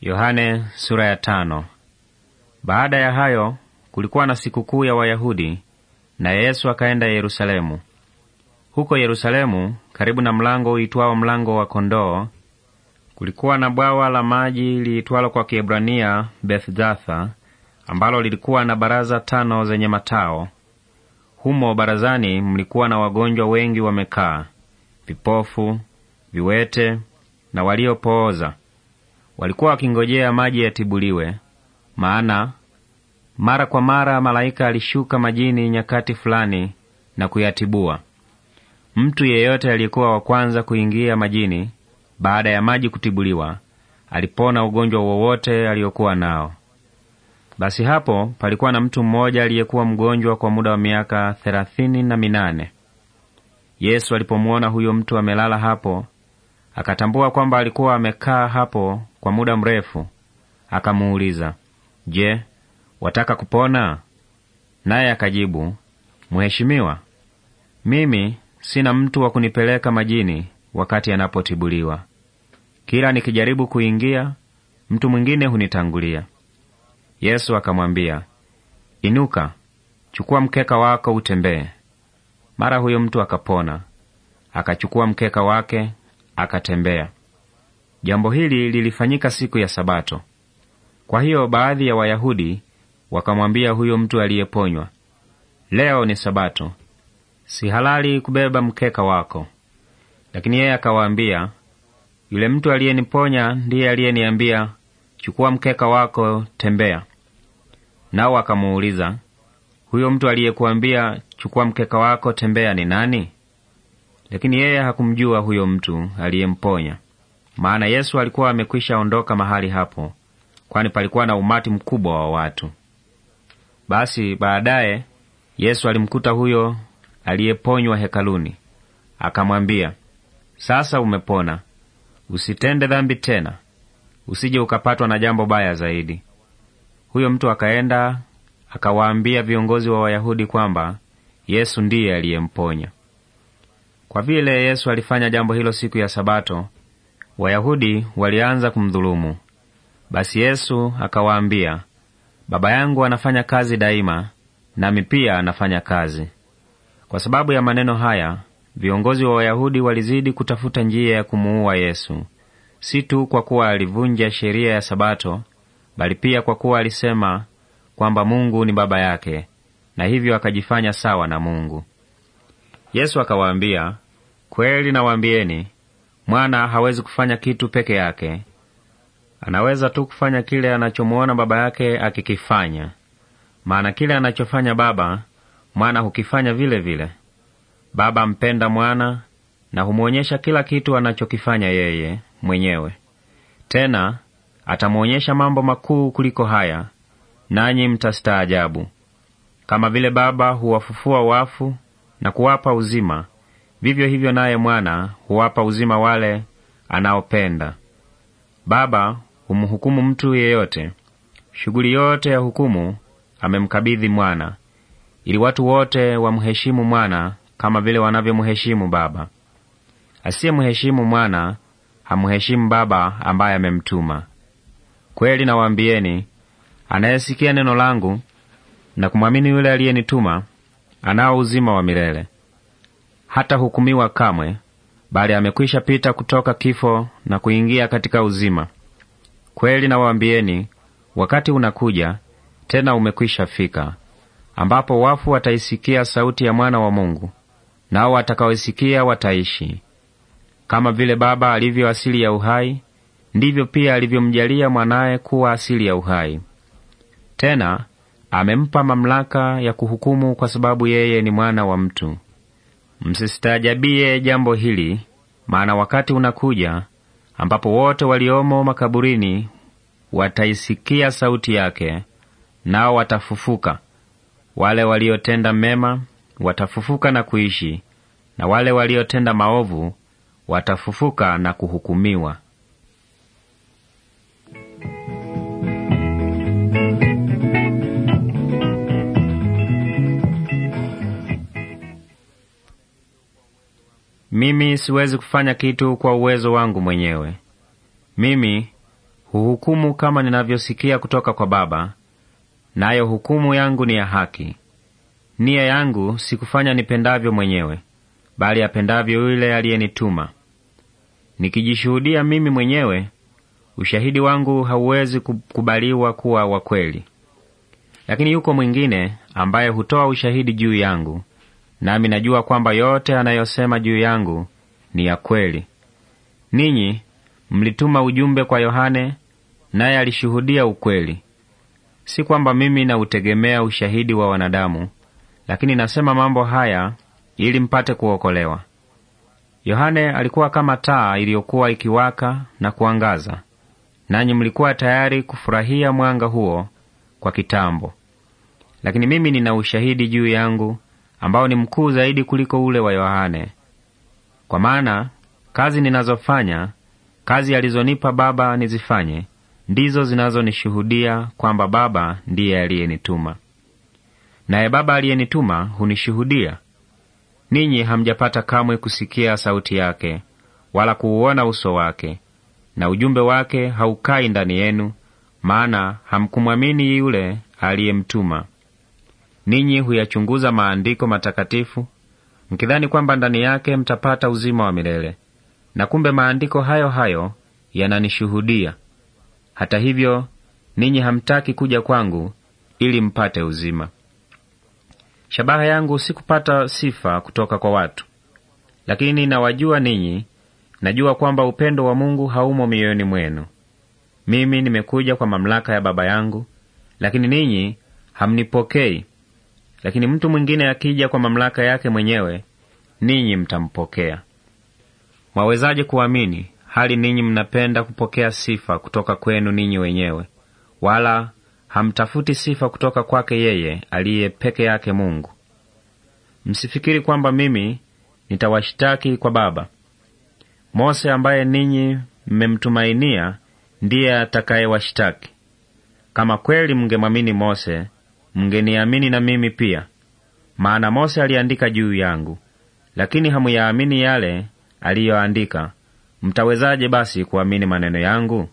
Yohane sura ya tano. Baada ya hayo kulikuwa na sikukuu ya Wayahudi, na Yesu akaenda Yerusalemu. Huko Yerusalemu, karibu na mlango uitwao mlango wa kondoo, kulikuwa na bwawa la maji liitwalo kwa Kiebrania Bethzatha, ambalo lilikuwa na baraza tano zenye matao. Humo barazani mlikuwa na wagonjwa wengi wamekaa, vipofu, viwete na waliopooza Walikuwa wakingojea maji yatibuliwe, maana mara kwa mara malaika alishuka majini nyakati fulani na kuyatibua. Mtu yeyote aliyekuwa wa kwanza kuingia majini baada ya maji kutibuliwa alipona ugonjwa wowote aliokuwa nao. Basi hapo palikuwa na mtu mmoja aliyekuwa mgonjwa kwa muda wa miaka thelathini na minane. Yesu alipomwona huyo mtu amelala hapo Akatambua kwamba alikuwa amekaa hapo kwa muda mrefu, akamuuliza, Je, wataka kupona? Naye akajibu, Mheshimiwa, mimi sina mtu wa kunipeleka majini wakati anapotibuliwa. Kila nikijaribu kuingia, mtu mwingine hunitangulia. Yesu akamwambia, Inuka, chukua mkeka wako utembee. Mara huyo mtu akapona, akachukua mkeka wake akatembea. Jambo hili lilifanyika siku ya Sabato. Kwa hiyo baadhi ya Wayahudi wakamwambia huyo mtu aliyeponywa, leo ni Sabato, si halali kubeba mkeka wako. Lakini yeye akawaambia, yule mtu aliyeniponya ndiye aliyeniambia, chukua mkeka wako, tembea. Nao akamuuliza, huyo mtu aliyekuambia chukua mkeka wako, tembea ni nani? Lakini yeye hakumjua huyo mtu aliyemponya, maana Yesu alikuwa amekwisha ondoka mahali hapo, kwani palikuwa na umati mkubwa wa watu. Basi baadaye Yesu alimkuta huyo aliyeponywa hekaluni, akamwambia, sasa umepona, usitende dhambi tena, usije ukapatwa na jambo baya zaidi. Huyo mtu akaenda akawaambia viongozi wa Wayahudi kwamba Yesu ndiye aliyemponya. Kwa vile Yesu alifanya jambo hilo siku ya Sabato, Wayahudi walianza kumdhulumu. Basi Yesu akawaambia, Baba yangu anafanya kazi daima, nami pia anafanya kazi. Kwa sababu ya maneno haya, viongozi wa Wayahudi walizidi kutafuta njia ya kumuua Yesu, si tu kwa kuwa alivunja sheria ya Sabato, bali pia kwa kuwa alisema kwamba Mungu ni Baba yake na hivyo akajifanya sawa na Mungu. Yesu akawaambia, kweli nawaambieni, mwana hawezi kufanya kitu peke yake. Anaweza tu kufanya kile anachomuona baba yake akikifanya, maana kile anachofanya baba, mwana hukifanya vile vile. Baba mpenda mwana na humwonyesha kila kitu anachokifanya yeye mwenyewe. Tena atamwonyesha mambo makuu kuliko haya, nanyi mtastaajabu. Kama vile Baba huwafufua wafu, na kuwapa uzima, vivyo hivyo naye Mwana huwapa uzima wale anaopenda. Baba humhukumu mtu yeyote, shughuli yote ya hukumu amemkabidhi Mwana, ili watu wote wamheshimu Mwana kama vile wanavyomheshimu Baba. Asiyemheshimu Mwana hamheshimu Baba ambaye amemtuma. Kweli nawaambieni, anayesikia neno langu na kumwamini yule aliyenituma anao uzima wa milele, hata hukumiwa kamwe, bali amekwisha pita kutoka kifo na kuingia katika uzima. Kweli nawaambieni, wakati unakuja, tena umekwisha fika, ambapo wafu wataisikia sauti ya Mwana wa Mungu, nao watakaoisikia wataishi. Kama vile Baba alivyo asili ya uhai, ndivyo pia alivyomjalia mwanaye kuwa asili ya uhai. Tena amempa mamlaka ya kuhukumu kwa sababu yeye ni mwana wa mtu. Msistajabie jambo hili, maana wakati unakuja ambapo wote waliomo makaburini wataisikia sauti yake, nao watafufuka. Wale waliotenda mema watafufuka na kuishi, na wale waliotenda maovu watafufuka na kuhukumiwa. Mimi siwezi kufanya kitu kwa uwezo wangu mwenyewe. Mimi huhukumu kama ninavyosikia kutoka kwa Baba, nayo hukumu yangu ni ya haki. Nia yangu sikufanya nipendavyo mwenyewe, bali apendavyo yule aliyenituma. Nikijishuhudia mimi mwenyewe, ushahidi wangu hauwezi kukubaliwa kuwa wa kweli. Lakini yuko mwingine ambaye hutoa ushahidi juu yangu, nami najua kwamba yote anayosema juu yangu ni ya kweli. Ninyi mlituma ujumbe kwa Yohane, naye alishuhudia ukweli. Si kwamba mimi nautegemea ushahidi wa wanadamu, lakini nasema mambo haya ili mpate kuokolewa. Yohane alikuwa kama taa iliyokuwa ikiwaka na kuangaza, nanyi mlikuwa tayari kufurahia mwanga huo kwa kitambo. Lakini mimi nina ushahidi juu yangu ambao ni mkuu zaidi kuliko ule wa Yohane. Kwa maana kazi ninazofanya, kazi alizonipa Baba nizifanye, ndizo zinazonishuhudia kwamba Baba ndiye aliyenituma, naye Baba aliyenituma hunishuhudia. Ninyi hamjapata kamwe kusikia sauti yake wala kuuona uso wake, na ujumbe wake haukai ndani yenu, maana hamkumwamini yule aliyemtuma ninyi huyachunguza maandiko matakatifu mkidhani kwamba ndani yake mtapata uzima wa milele, na kumbe maandiko hayo hayo yananishuhudia. Hata hivyo, ninyi hamtaki kuja kwangu ili mpate uzima. Shabaha yangu si kupata sifa kutoka kwa watu, lakini nawajua ninyi, najua kwamba upendo wa Mungu haumo mioyoni mwenu. Mimi nimekuja kwa mamlaka ya Baba yangu, lakini ninyi hamnipokei. Lakini mtu mwingine akija kwa mamlaka yake mwenyewe, ninyi mtampokea. Mwawezaje kuamini hali ninyi mnapenda kupokea sifa kutoka kwenu ninyi wenyewe, wala hamtafuti sifa kutoka kwake yeye aliye peke yake Mungu? Msifikiri kwamba mimi nitawashitaki kwa Baba. Mose ambaye ninyi mmemtumainia ndiye atakayewashitaki. Kama kweli mngemwamini Mose, mngeniamini na mimi pia, maana Mose aliandika juu yangu. Lakini hamuyaamini yale aliyoandika, mtawezaje basi kuamini maneno yangu?